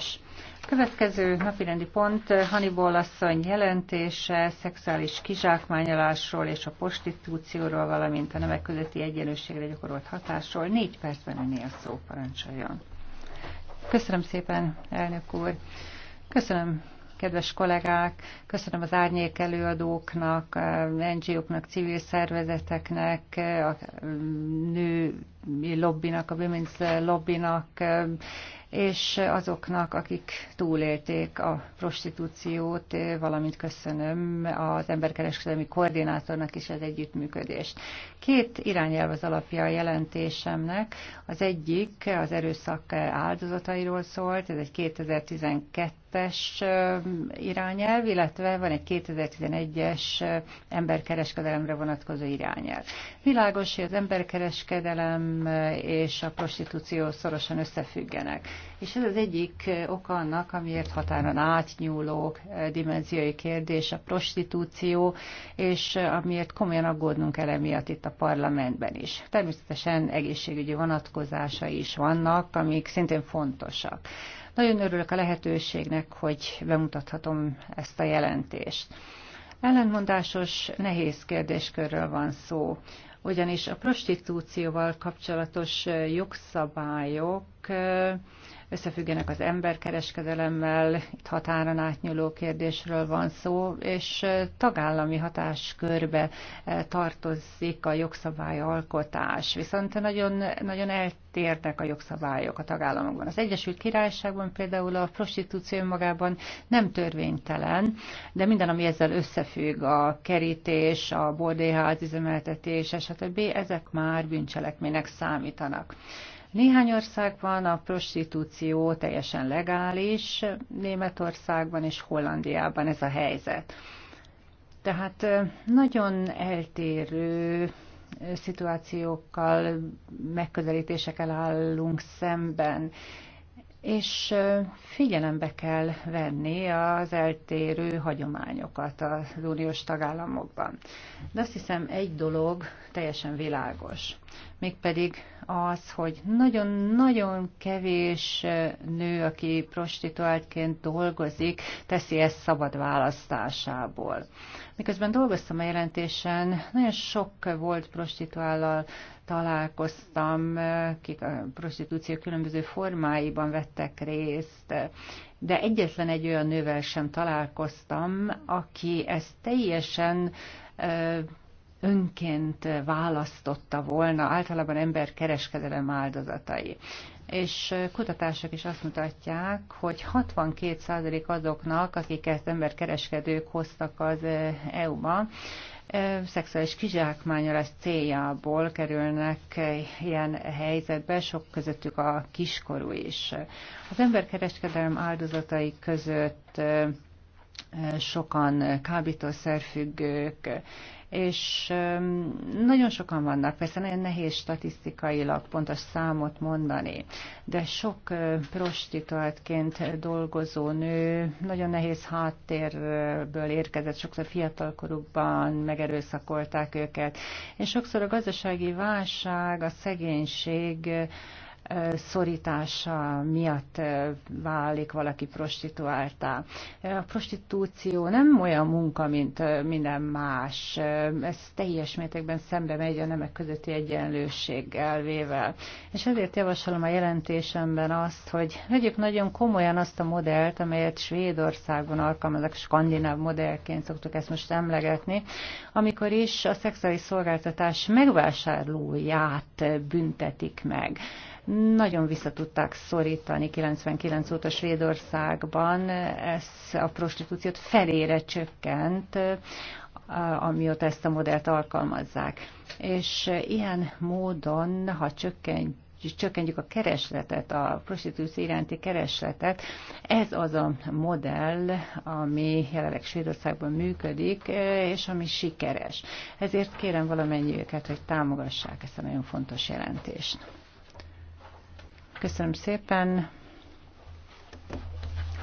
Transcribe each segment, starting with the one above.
szavazás. Következő napirendi pont Hannibal asszony jelentése szexuális kizsákmányolásról és a prostitúcióról, valamint a nemek közötti egyenlőségre gyakorolt hatásról. Négy percben önné a szó, parancsoljon. Köszönöm szépen, elnök úr. Köszönöm kedves kollégák, köszönöm az árnyék előadóknak, eh, NGO-knak, civil szervezeteknek, eh, a mm, nő lobbinak, a women's lobbinak, eh, és azoknak, akik túlélték a prostitúciót, eh, valamint köszönöm az emberkereskedelmi koordinátornak is az együttműködést. Két irányelv az alapja a jelentésemnek. Az egyik az erőszak áldozatairól szólt, ez egy 2012-es eh, irányelv, illetve van egy 2011-es emberkereskedelemre vonatkozó irányelv. Világos, hogy az emberkereskedelem és a prostitúció szorosan összefüggenek. És ez az egyik oka annak, amiért határon átnyúló dimenziói kérdés a prostitúció, és amiért komolyan aggódnunk kell emiatt itt a parlamentben is. Természetesen egészségügyi vonatkozása is vannak, amik szintén fontosak. Nagyon örülök a lehetőségnek, hogy bemutathatom ezt a jelentést. Ellentmondásos, nehéz kérdéskörről van szó ugyanis a prostitúcióval kapcsolatos jogszabályok összefüggenek az emberkereskedelemmel, itt határon átnyúló kérdésről van szó, és tagállami hatáskörbe tartozik a jogszabályalkotás. Viszont nagyon, nagyon eltérnek a jogszabályok a tagállamokban. Az Egyesült Királyságban például a prostitúció magában nem törvénytelen, de minden, ami ezzel összefügg, a kerítés, a bordéház üzemeltetés, stb., ezek már bűncselekménynek számítanak. Néhány országban a prostitúció teljesen legális, Németországban és Hollandiában ez a helyzet. Tehát nagyon eltérő szituációkkal, megközelítésekkel állunk szemben, és figyelembe kell venni az eltérő hagyományokat az uniós tagállamokban. De azt hiszem egy dolog teljesen világos mégpedig az, hogy nagyon-nagyon kevés nő, aki prostituáltként dolgozik, teszi ezt szabad választásából. Miközben dolgoztam a jelentésen, nagyon sok volt prostituállal találkoztam, akik a prostitúció különböző formáiban vettek részt, de egyetlen egy olyan nővel sem találkoztam, aki ezt teljesen önként választotta volna, általában emberkereskedelem áldozatai. És kutatások is azt mutatják, hogy 62% azoknak, akiket emberkereskedők hoztak az EU-ba, eh, e eh, szexuális kizsákmányolás céljából kerülnek eh, ilyen helyzetbe, sok közöttük a kiskorú is. Az emberkereskedelem áldozatai között sokan kábítószerfüggők, és nagyon sokan vannak, persze nagyon nehéz statisztikailag pontos számot mondani, de sok prostituáltként dolgozó nő nagyon nehéz háttérből érkezett, sokszor fiatalkorukban megerőszakolták őket, és sokszor a gazdasági válság, a szegénység szorítása miatt válik valaki prostituáltá. A prostitúció nem olyan munka, mint minden más. Ez teljes mértékben szembe megy a nemek közötti egyenlőség elvével. És ezért javasolom a jelentésemben azt, hogy vegyük nagyon komolyan azt a modellt, amelyet Svédországban alkalmaznak, skandináv modellként szoktuk ezt most emlegetni, amikor is a szexuális szolgáltatás megvásárlóját büntetik meg nagyon vissza tudták szorítani 99 óta Svédországban, ez a prostitúciót felére csökkent, eh, amióta ezt a modellt alkalmazzák. És eh, ilyen módon, ha csökkent csökkentjük a keresletet, a prostitúció iránti keresletet. Ez az a modell, ami jelenleg Svédországban működik, eh, és ami sikeres. Ezért kérem őket, hogy támogassák ezt a nagyon fontos jelentést. Köszönöm szépen.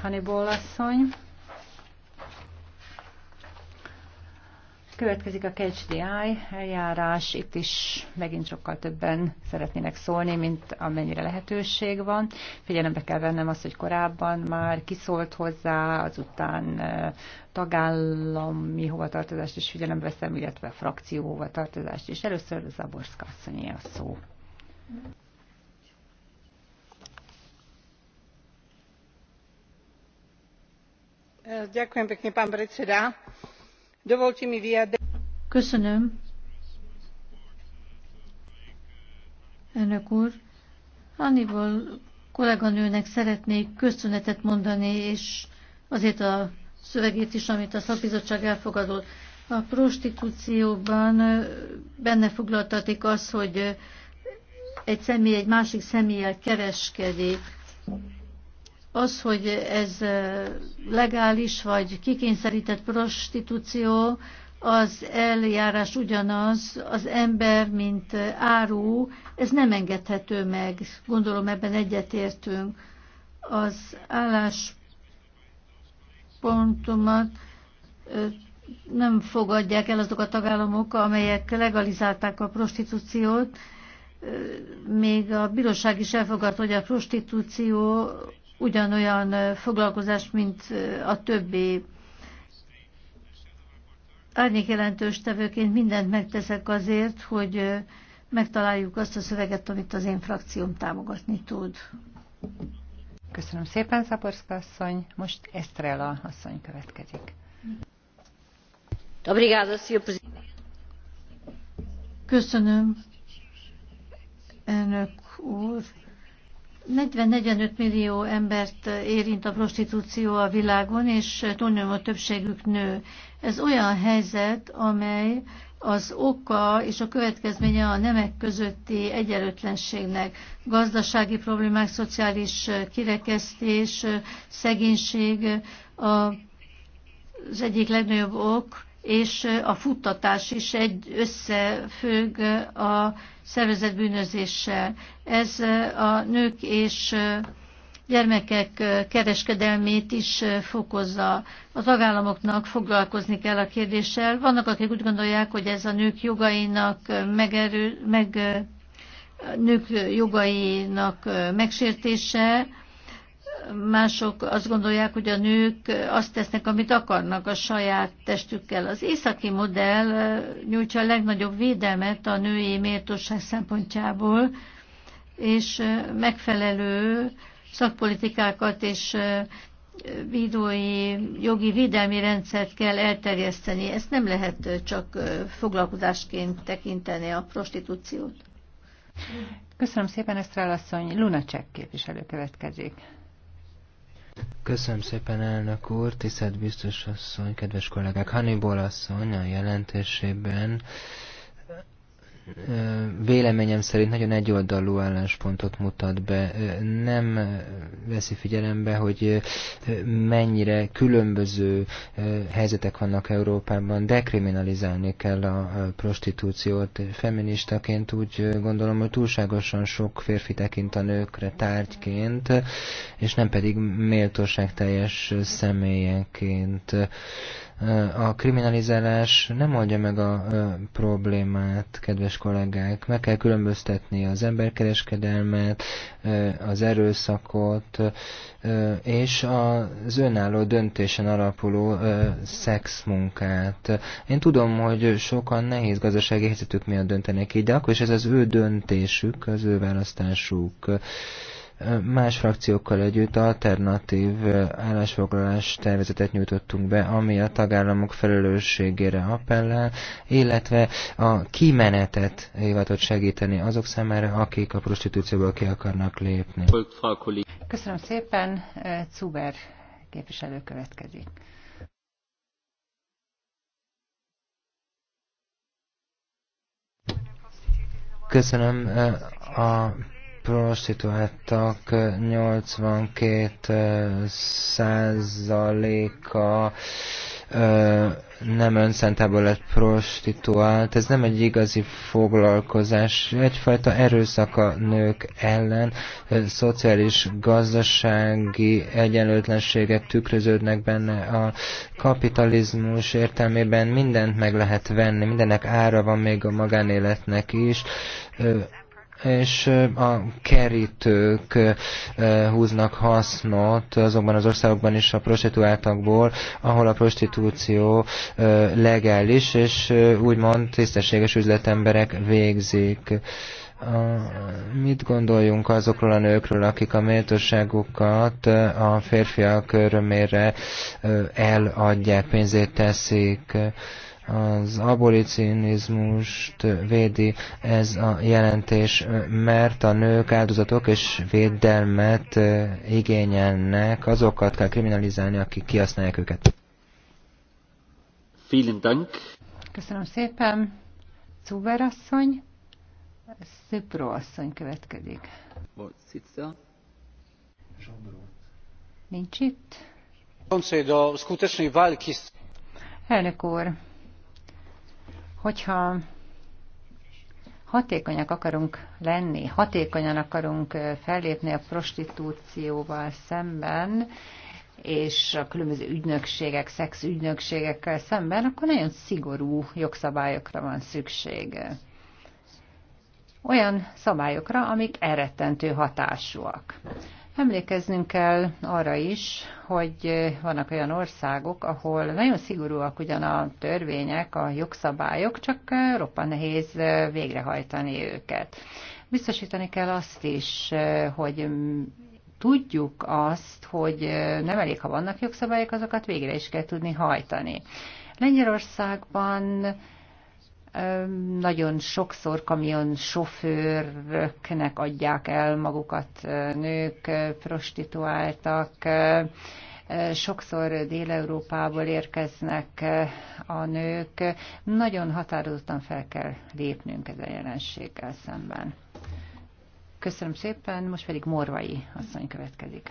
Hannibal asszony. Következik a KHDI eljárás, itt is megint sokkal többen szeretnének szólni, mint amennyire lehetőség van. Figyelembe kell vennem azt, hogy korábban már kiszólt hozzá, azután tagállami hovatartozást is figyelembe veszem, illetve frakció hovatartozást is. Először Zaborszka asszonyé a szó. dovoľte mi vyjadriť Köszönöm. Elnök úr, Hannibal kolléganőnek szeretnék köszönetet mondani, és azért a szövegét is, amit a szakbizottság elfogadott. A prostitúcióban benne foglaltatik azt, hogy egy személy egy másik személlyel kereskedik. Az, hogy ez legális vagy kikényszerített prostitúció, az eljárás ugyanaz, az ember, mint áru, ez nem engedhető meg. Gondolom ebben egyetértünk. Az álláspontomat nem fogadják el azok a tagállamok, amelyek legalizálták a prostitúciót. Még a bíróság is elfogadta, hogy a prostitúció ugyanolyan foglalkozást, mint a többi. Árnyék jelentős tevőként mindent megteszek azért, hogy megtaláljuk azt a szöveget, amit az én frakcióm támogatni tud. Köszönöm szépen, Szaporszka asszony. Most Estrella asszony következik. Köszönöm, elnök úr. 40-45 millió embert érint a prostitúció a világon, és túlnyomó többségük nő. Ez olyan helyzet, amely az oka és a következménye a nemek közötti egyenlőtlenségnek. Gazdasági problémák, szociális kirekesztés, szegénység az egyik legnagyobb ok, és a futtatás is egy összefügg a szervezetbűnözéssel. Ez a nők és gyermekek kereskedelmét is fokozza. A tagállamoknak foglalkozni kell a kérdéssel. Vannak, akik úgy gondolják, hogy ez a nők jogainak megerő, meg nők jogainak megsértése, mások azt gondolják, hogy a nők azt tesznek, amit akarnak a saját testükkel. Az északi modell nyújtja a legnagyobb védelmet a női méltóság szempontjából, és megfelelő szakpolitikákat és vídói jogi védelmi rendszert kell elterjeszteni. Ezt nem lehet csak foglalkozásként tekinteni a prostitúciót. Köszönöm szépen, Esztrál asszony. Lunacek képviselő következik. Köszönöm szépen, elnök úr, tisztelt biztos asszony, kedves kollégák. Hannibal asszony a jelentésében véleményem szerint nagyon egyoldalú álláspontot mutat be. Nem veszi figyelembe, hogy mennyire különböző helyzetek vannak Európában. Dekriminalizálni kell a prostitúciót. Feministaként úgy gondolom, hogy túlságosan sok férfi tekint a nőkre tárgyként, és nem pedig méltóság teljes személyenként. a kriminalizálás nem oldja meg a problémát, kedves kollégák, meg kell különböztetni az emberkereskedelmet, az erőszakot, és az önálló döntésen alapuló szexmunkát. Én tudom, hogy sokan nehéz gazdasági helyzetük miatt döntenek így, de akkor is ez az ő döntésük, az ő választásuk. Más frakciókkal együtt alternatív állásfoglalás tervezetet nyújtottunk be, ami a tagállamok felelősségére appellál, illetve a kimenetet hivatott segíteni azok számára, akik a prostitúcióból ki akarnak lépni. Köszönöm szépen, Cuber képviselő következik. Köszönöm a prostituáltak 82 százaléka nem önszentából lett prostituált. Ez nem egy igazi foglalkozás, egyfajta erőszak a nők ellen. Szociális, gazdasági egyenlőtlenséget tükröződnek benne. A kapitalizmus értelmében mindent meg lehet venni, mindennek ára van még a magánéletnek is és a kerítők húznak hasznot azokban az országokban is a prostituáltakból, ahol a prostitúció legális, és úgymond tisztességes üzletemberek végzik. A, mit gondoljunk azokról a nőkről, akik a méltóságukat a férfiak örömére eladják, pénzét teszik? az abolicionizmust védi ez a jelentés, mert a nők áldozatok és védelmet igényelnek, azokat kell kriminalizálni, akik kihasználják őket. Vielen Dank. Köszönöm szépen. Zuber asszony, Szöpró asszony következik. Volt Nincs itt. Elnök úr, Hogyha hatékonyak akarunk lenni, hatékonyan akarunk fellépni a prostitúcióval szemben, és a különböző ügynökségek, szexügynökségekkel szemben, akkor nagyon szigorú jogszabályokra van szükség. Olyan szabályokra, amik elrettentő hatásúak. Emlékeznünk kell arra is, hogy vannak olyan országok, ahol nagyon szigorúak ugyan a törvények, a jogszabályok, csak roppan nehéz végrehajtani őket. Biztosítani kell azt is, hogy tudjuk azt, hogy nem elég, ha vannak jogszabályok, azokat végre is kell tudni hajtani. Lengyelországban nagyon sokszor kamion sofőröknek adják el magukat nők, prostituáltak, sokszor Dél-Európából érkeznek a nők. Nagyon határozottan fel kell lépnünk ez a jelenséggel szemben. Köszönöm szépen, most pedig Morvai asszony következik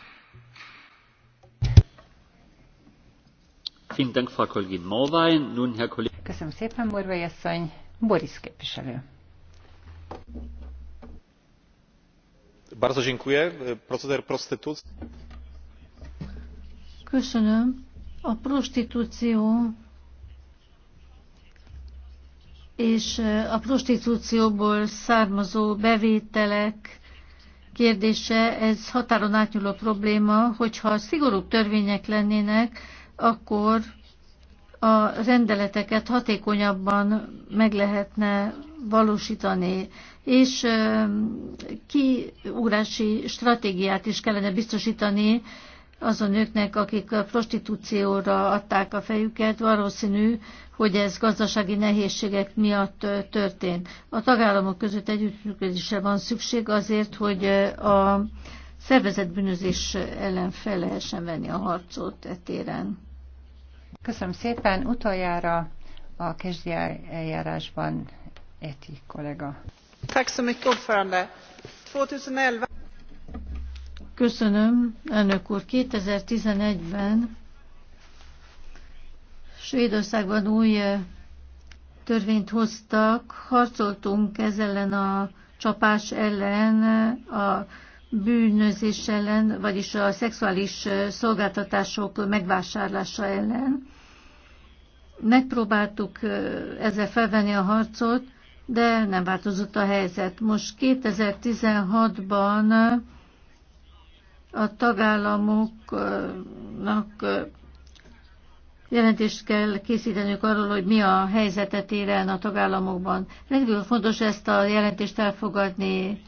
Köszönöm szépen, Morvai asszony. Boris képviselő. Bardzo dziękuję. Proceder prostytucji. Köszönöm. A prostitúció és e, a prostitúcióból származó bevételek kérdése, ez határon átnyúló probléma, hogyha szigorúbb törvények lennének, akkor a rendeleteket hatékonyabban meg lehetne valósítani, és kiúrási stratégiát is kellene biztosítani azon nőknek, akik a prostitúcióra adták a fejüket, valószínű, hogy ez gazdasági nehézségek miatt történt. A tagállamok között együttműködésre van szükség azért, hogy a szervezetbűnözés ellen fel lehessen venni a harcot e téren. Köszönöm szépen. Utoljára a kezdi eljárásban Eti kollega. Köszönöm, elnök úr. 2011-ben Svédországban új eh, törvényt hoztak, harcoltunk ezzel ellen a csapás ellen bűnözés ellen, vagyis a szexuális szolgáltatások megvásárlása ellen. Megpróbáltuk ezzel felvenni a harcot, de nem változott a helyzet. Most 2016-ban a tagállamoknak jelentést kell készítenünk arról, hogy mi a helyzetet el a tagállamokban. Rendkívül fontos ezt a jelentést elfogadni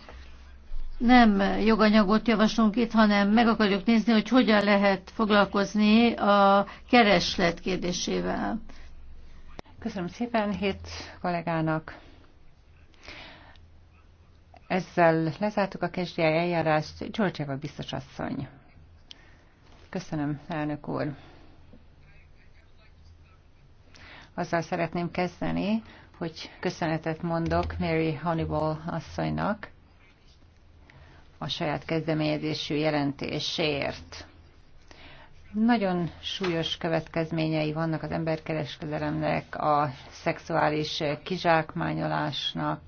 nem joganyagot javaslunk itt, hanem meg akarjuk nézni, hogy hogyan lehet foglalkozni a kereslet kérdésével. Köszönöm szépen hét kollégának. Ezzel lezártuk a kezdjáj eljárást. Georgieva biztos asszony. Köszönöm, elnök úr. Azzal szeretném kezdeni, hogy köszönetet mondok Mary Honeywell asszonynak, a saját kezdeményezésű jelentésért. Nagyon súlyos következményei vannak az emberkereskedelemnek, a szexuális kizsákmányolásnak,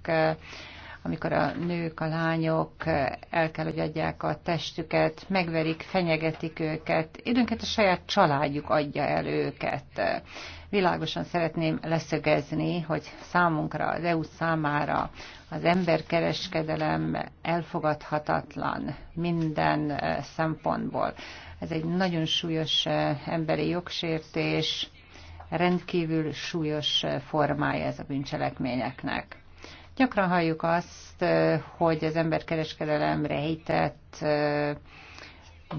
amikor a nők, a lányok el kell, hogy adják a testüket, megverik, fenyegetik őket, időnként a saját családjuk adja el őket. Világosan szeretném leszögezni, hogy számunkra, az EU számára az emberkereskedelem elfogadhatatlan minden szempontból. Ez egy nagyon súlyos emberi jogsértés, rendkívül súlyos formája ez a bűncselekményeknek. Gyakran halljuk azt, hogy az emberkereskedelem rejtett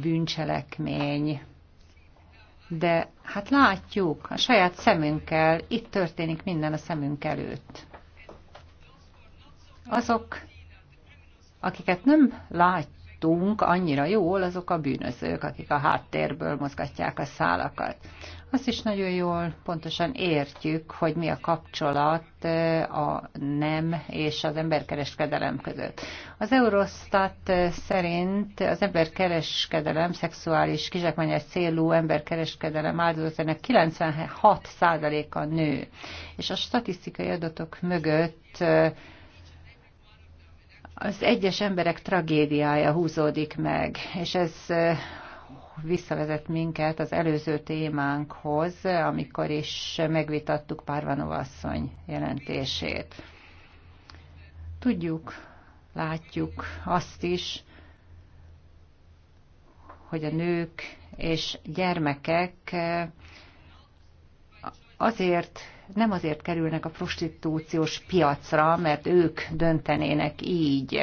bűncselekmény, de hát látjuk, a saját szemünkkel, itt történik minden a szemünk előtt. Azok, akiket nem lát, tudtunk annyira jól, azok a bűnözők, akik a háttérből mozgatják a szálakat. Azt is nagyon jól pontosan értjük, hogy mi a kapcsolat a nem és az emberkereskedelem között. Az Eurostat szerint az emberkereskedelem, szexuális kizsákmányás célú emberkereskedelem áldozatának 96%-a nő, és a statisztikai adatok mögött az egyes emberek tragédiája húzódik meg, és ez visszavezet minket az előző témánkhoz, amikor is megvitattuk Párvanov asszony jelentését. Tudjuk, látjuk azt is, hogy a nők és gyermekek azért nem azért kerülnek a prostitúciós piacra, mert ők döntenének így.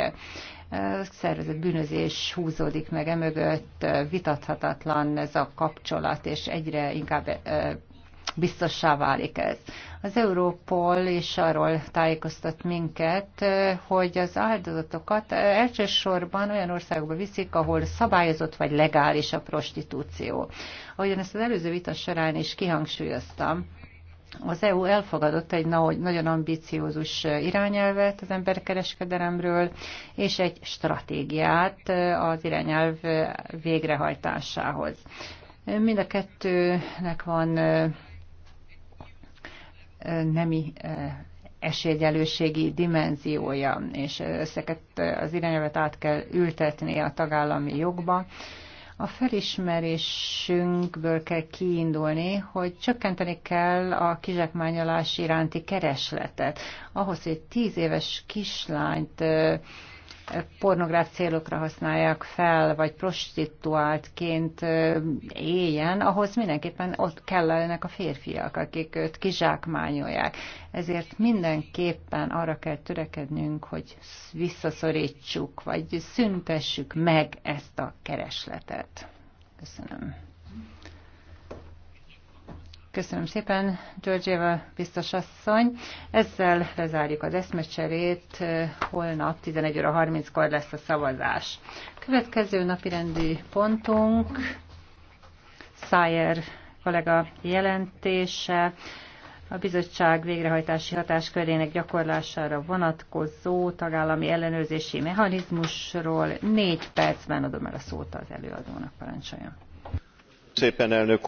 Szervezett bűnözés húzódik meg emögött, vitathatatlan ez a kapcsolat, és egyre inkább biztossá válik ez. Az Európol is arról tájékoztat minket, hogy az áldozatokat elsősorban olyan országokba viszik, ahol szabályozott vagy legális a prostitúció. Ahogyan ezt az előző vita során is kihangsúlyoztam, az EU elfogadott egy nagyon ambiciózus irányelvet az emberkereskedelemről, és egy stratégiát az irányelv végrehajtásához. Mind a kettőnek van nemi esélyegyelőségi dimenziója, és ezeket az irányelvet át kell ültetni a tagállami jogba, a felismerésünkből kell kiindulni, hogy csökkenteni kell a kizsákmányolás iránti keresletet. Ahhoz, hogy tíz éves kislányt pornográf célokra használják fel, vagy prostituáltként éljen, ahhoz mindenképpen ott kellenek a férfiak, akik őt kizsákmányolják. Ezért mindenképpen arra kell törekednünk, hogy visszaszorítsuk, vagy szüntessük meg ezt a keresletet. Köszönöm. Köszönöm szépen, Györgyéva biztos asszony. Ezzel lezárjuk az eszmecserét. Holnap 11 óra 30-kor lesz a szavazás. Következő napirendi pontunk Szájer kollega jelentése a bizottság végrehajtási hatáskörének gyakorlására vonatkozó tagállami ellenőrzési mechanizmusról. Négy percben adom el a szót az előadónak, parancsoljon. Szépen elnök úr.